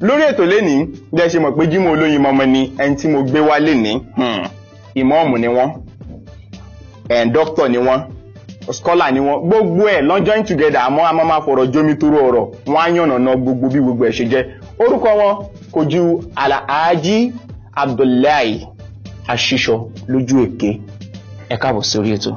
lórí ètò lẹ́ni bí ẹ ṣe mọ̀ pé Jímọ̀ olóyin mọ́mọ́ ni ẹni tí mo gbé wá lẹ́ni hmm. ìmọ̀ọ́mù ni wọ́n eh, dókítà ni wọ́n skọ́là ni wọ́n gbogbo ẹ̀ lọ́n join together àmọ́ a máa ma fọ̀rọ̀ jomi toro ọ̀rọ̀ wọ́n á yànnàná gbogbo bí gbogbo ẹ̀ ṣe jẹ́ orúkọ wọn kò Alhaji Abdullahi Asisọ lójú èké ẹ káàbọ̀ sórí ètò.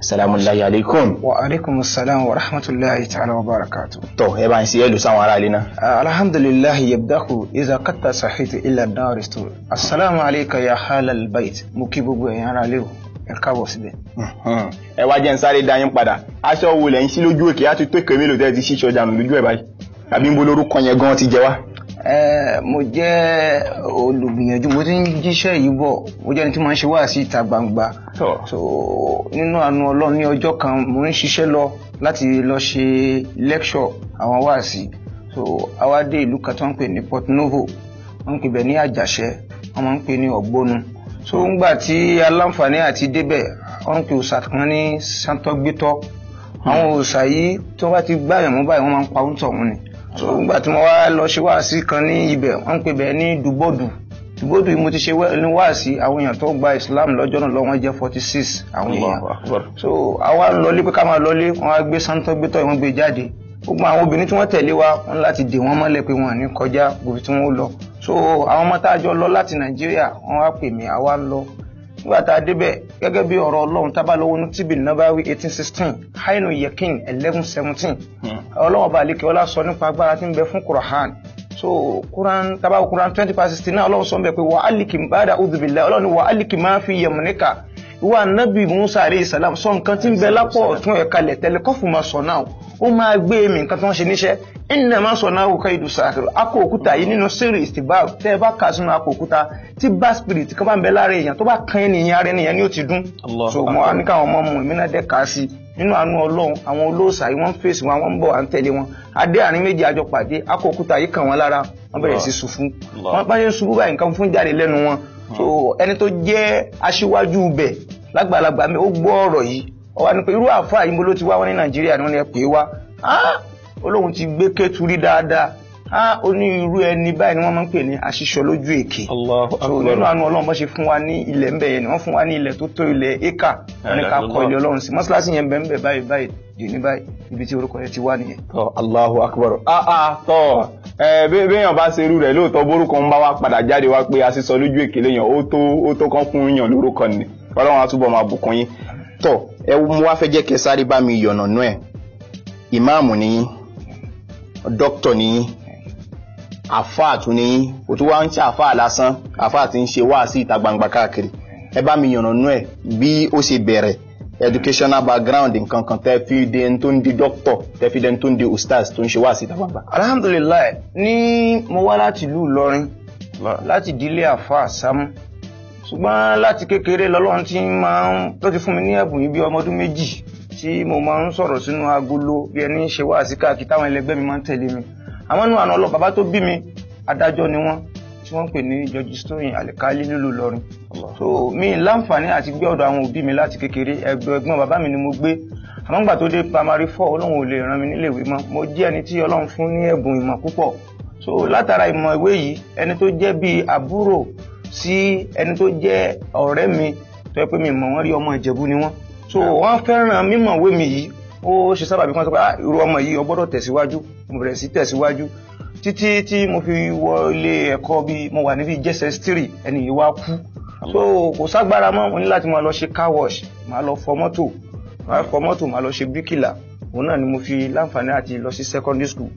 salamu alaykum. wa aleykum salaam wa rahmatulahi ta'ala wa barakatu. tọ ẹ bá ń ṣe ẹlò sáwọn aráàlú náà. alhamdulilayi yabdaku iza kata sahitu ila daristu. asalaamu aleyka ya halal bait mo kí gbogbo ẹ̀yin aráàlú o ẹ káàbọ̀ síbẹ̀. ẹ wá jẹ́ ń sáré dá yín padà aṣọ wo lẹ́yìn sí lójú òkè á ti tó èkè mélòó tẹ́ ti ṣíṣọ́ dànù lójú ẹ̀ báyìí àbí ń bo yẹn gan ti jẹ wá mo jẹ́ olùgbìyànjú mo ti ń jíṣẹ́ yìí bọ̀ mo jẹ́ ẹni tí mo ń ṣe wá sí ìta gbangba so nínú àánú ọlọ́run ní ọjọ́ kan mo ń ṣiṣẹ́ lọ láti lọ ṣe lecture àwọn wáàsí so àwa dé ìlú kan tó ń pè ní Port Novo wọ́n ń pè bẹ̀ ní àjàṣẹ́ wọ́n máa ń pè ní ọ̀gbónu so ńgbà tí aláǹfààní àti débẹ̀ wọ́n ń pè òòṣà kan ní santogbétọ́ àwọn òòṣà yìí tó bá ti gbáyàn mú báyìí wọ́n máa ń pa oúnjẹ ọ̀hún ni so nígbà tí mo wá lọ ṣe wáàsí kan ní ibẹ̀ wọ́n ń pè bẹ́ẹ̀ ní dùbọ́dù dùbọ́dù yìí mo ti ṣe ní wáàsí àwọn èèyàn tó gba Islam lọ́jọ́ náà lọ́wọ́ jẹ́ forty six àwọn èèyàn so àwa ń lọlé pé ká máa lọlé wọ́n á gbé sáńtọ́ gbé tọ́ ìwọ́n gbé jáde gbogbo àwọn obìnrin tí wọ́n tẹ̀lé wa wọ́n láti dè wọ́n mọ́lẹ̀ pé wọ́n ní kọjá gbogbo tí wọ́n lọ so àwọn ọmọ tá a jọ lọ láti Nàìjíríà wọ́n wá pè mí àwa ń lọ nígbà tá a débẹ̀ gẹ́gẹ́ bí ọ̀rọ̀ ọlọ́run tá a bá lọ́wọ́ ní tíbi nàbáwí eighteen sixteen hainu yekin eleven seventeen hmm. ọlọ́run ọba àlekè ọlá sọ nípa agbára tí ń bẹ fún kurahan so quran tabawo quran twenty past sixteen náà ọlọ́run sọ ń bẹ pé wà á lìkì bá ọlọ́run wà á máa fi yẹ̀mùníkà ìwà nábì musa àrí ìsàlám sọ nǹkan tí ń bẹ lápọ̀ ọ̀tún ẹ̀ kalẹ̀ tẹ́lẹ̀ kọ́fù máa sọ náà ó máa gbé mi nǹkan tó ń ṣe níṣẹ́ ìnà máa sọ náà òkè ìdù sàkìrò akọ òkúta yìí nínú sírì ìsìbá tẹ́ bá kà sínú akọ òkúta tí bá spirit kan bá ń bẹ lára èèyàn tó bá kan ènìyàn ara ènìyàn ni ó ti dún so mo á ní káwọn ọmọ mu ìmínà dẹ́ kà á sí nínú àánú ọlọ́run àwọn olóòṣà yìí wọ́n fèsì wọn àwọn ń bọ̀ à ń tẹ̀lé wọn adé àárín méjì àjọ pàdé akọ òkúta yìí kàn wọ́n lára wọ́n bẹ̀rẹ̀ sí ṣubú wọ́n bá ṣe ṣubú báyìí nǹkan fún jáde lẹ́nu wọn so ẹni tó jẹ́ aṣíwájú bẹ̀ lágbàlagbà mi ó gbọ́ ọ̀rọ̀ yìí ó wá ní pé irú àáfàá yìí mo ló ti wá wọn ní nàìjíríà ni wọ́n ní ẹ pè é wá olóhùn ti gbé kéturí dáadáa á ó ní irú ẹni báyìí ni wọ́n máa ń pè ní aṣíṣọ lójú èké so nínú àánú ọlọ́run bó ṣe fún wa ní ilẹ̀ ńbẹ yẹn ni wọ́n fún wa ní ilẹ̀ tó tó ilẹ̀ éka wọ́n ní ká kọ́ ilé ọlọ́run sí mọ́ṣáláṣí yẹn bẹ́ẹ̀ ńbẹ báyìí báyìí dì ní báyìí ibi tí orúkọ yẹn ti wá nìyẹn. Allahu akbar ah ah tọ́ béèyàn bá ṣerú rẹ̀ lóòótọ́ bórúkọ ń bá wa padà jáde wá pé a sì sọ lójú èkélé yàn ó tó ó tó kán fún yàn lórúkọ ni ọlọ́run á túbọ̀ máa bùkún yín tọ ẹ mú wá fẹ́ jẹ́ kẹ sáré bá mi yọ̀nà nú ẹ̀ ìmáàmù ni yín dókítọ̀ ni yín àfáà tún ni yín kò tún wá ń ṣe àfáà lásán àfáà ti ń ṣe wáàsí ìta gbangba káàkiri ẹ bá mi yọ̀nà nú ẹ̀ bí ó ṣe bẹ̀rẹ̀ educational background nǹkan kan tẹ́ fi di ẹni tó ń di doctor tẹ́ fi di ẹni tó ń di ustaz tó ń ṣe wáàsí ìta gbangba. alhamdulilayi ní mo wá láti ìlú Ìlọrin láti ìdílé àfa Sàámú ṣùgbọ́n láti kékeré lọ́lọ́run ti máa ń tó ti fún mi ní ẹ̀bùn yìí bí ọmọ ọdún méjì tí mo máa ń sọ̀rọ̀ sínú agolo bí ẹni ṣe wáàsí káàkiri táwọn ẹlẹgbẹ́ mi máa ń tẹ̀lé mi àmọ́ nínú àná ọlọ́ bàbá tó bí mi adájọ́ ni wọ́n tí wọ́n ń pè ní George Stoyin Alikali nílùú Ìlọrin so mi láǹfààní àti gbé ọ̀dọ̀ àwọn òbí mi láti kékeré ẹ̀gbọ́n bàbá mi ni mo gbé àmọ́ gbà tó dé primary four ọlọ́run ò lè ràn mí nílé ìwé mọ́ mo jẹ́ ẹni tí ọlọ́run fún ní ẹ̀bùn ìmọ̀ púpọ̀ so látara ìmọ̀ ìwé yìí ẹni tó jẹ́ bíi àbúrò sí ẹni tó jẹ́ ọ̀rẹ́ mi tó yẹ pé mi mọ̀ wọ́n rí ọmọ Ìjẹ̀bú ni wọ́n so wọ́n fẹ́ràn mímọ̀wé mi yìí ó ṣe sábàbí kan sọ pé ah, irú ọmọ yìí ó tẹ̀síwájú mo bẹ̀rẹ̀ sí tẹ̀síwájú títí tí mo fi wọ ilé ẹ̀kọ́ bí mo wà níbi jss three ẹni yìí wá kú so kò ságbára mọ́ mo ní láti máa lọ ṣe car wash máa lọ fọ mọ́tò máa fọ mọ́tò máa lọ ṣe bíríkìlà òun náà ni mo fi láǹfààní àti lọ sí secondary school.